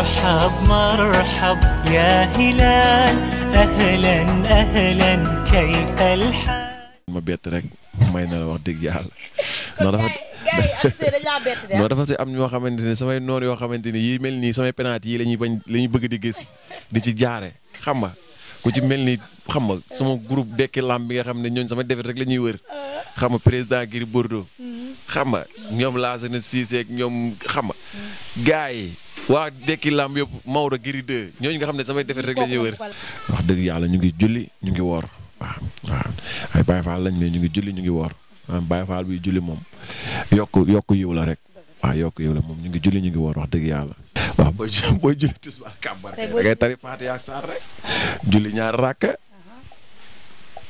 مرحب مرحب يا هلال أهلا أهلا كيف الحال ma bett rek may na la wax dëgg yàlla non dafa non si am ñoo xamante ni samay noor yoo xamante ni yi mel nii samay penaat yi lañuy bañ la ñuy bëgg di gis di ci jaare xam nga ku ci mel ni xam nga sama groupe dekki lam bi nga xam ne ñooñ sama defet rek la ñuy wër xam président Gris Bordeaux xam nga ñoom laasana Cissé ak ñoom xam nga yi waa dekki làmb yëpp Maodo Giri 2 ñooñu nga xam ne samay defet rek la ñuy wax dëgg yàlla ñu ngi julli ñu ngi woor waaw waaw ay Baye Fall lañ mais ñu ngi julli ñu ngi woor Baye Fall bi julli moom yokk yokk yiw la rek waaw yokk yiw moom ñu ngi julli ñu ngi woor wax dëgg yàlla. waaw booy julli booy julli tisbaar kàmbar da ngay tari Faatiha ak saar rek julli ñaar rakk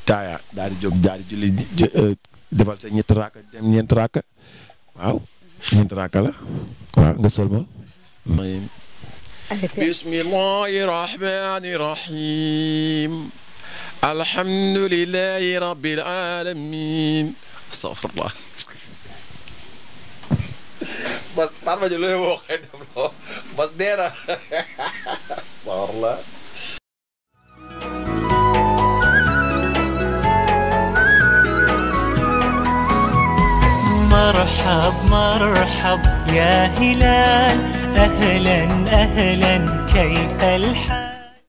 taaya daal di jóg daal di julli euh, defal sa ñetti rakk dem ñeenti rakk waaw ñeenti la waaw nga sëlmal بسم الله الرحمن الرحيم الحمد لله رب العالمين استغفر الله بس تعرف جو ليه مو بس دينا استغفر الله مرحب مرحب يا هلال أهلا أهلا كيف الحال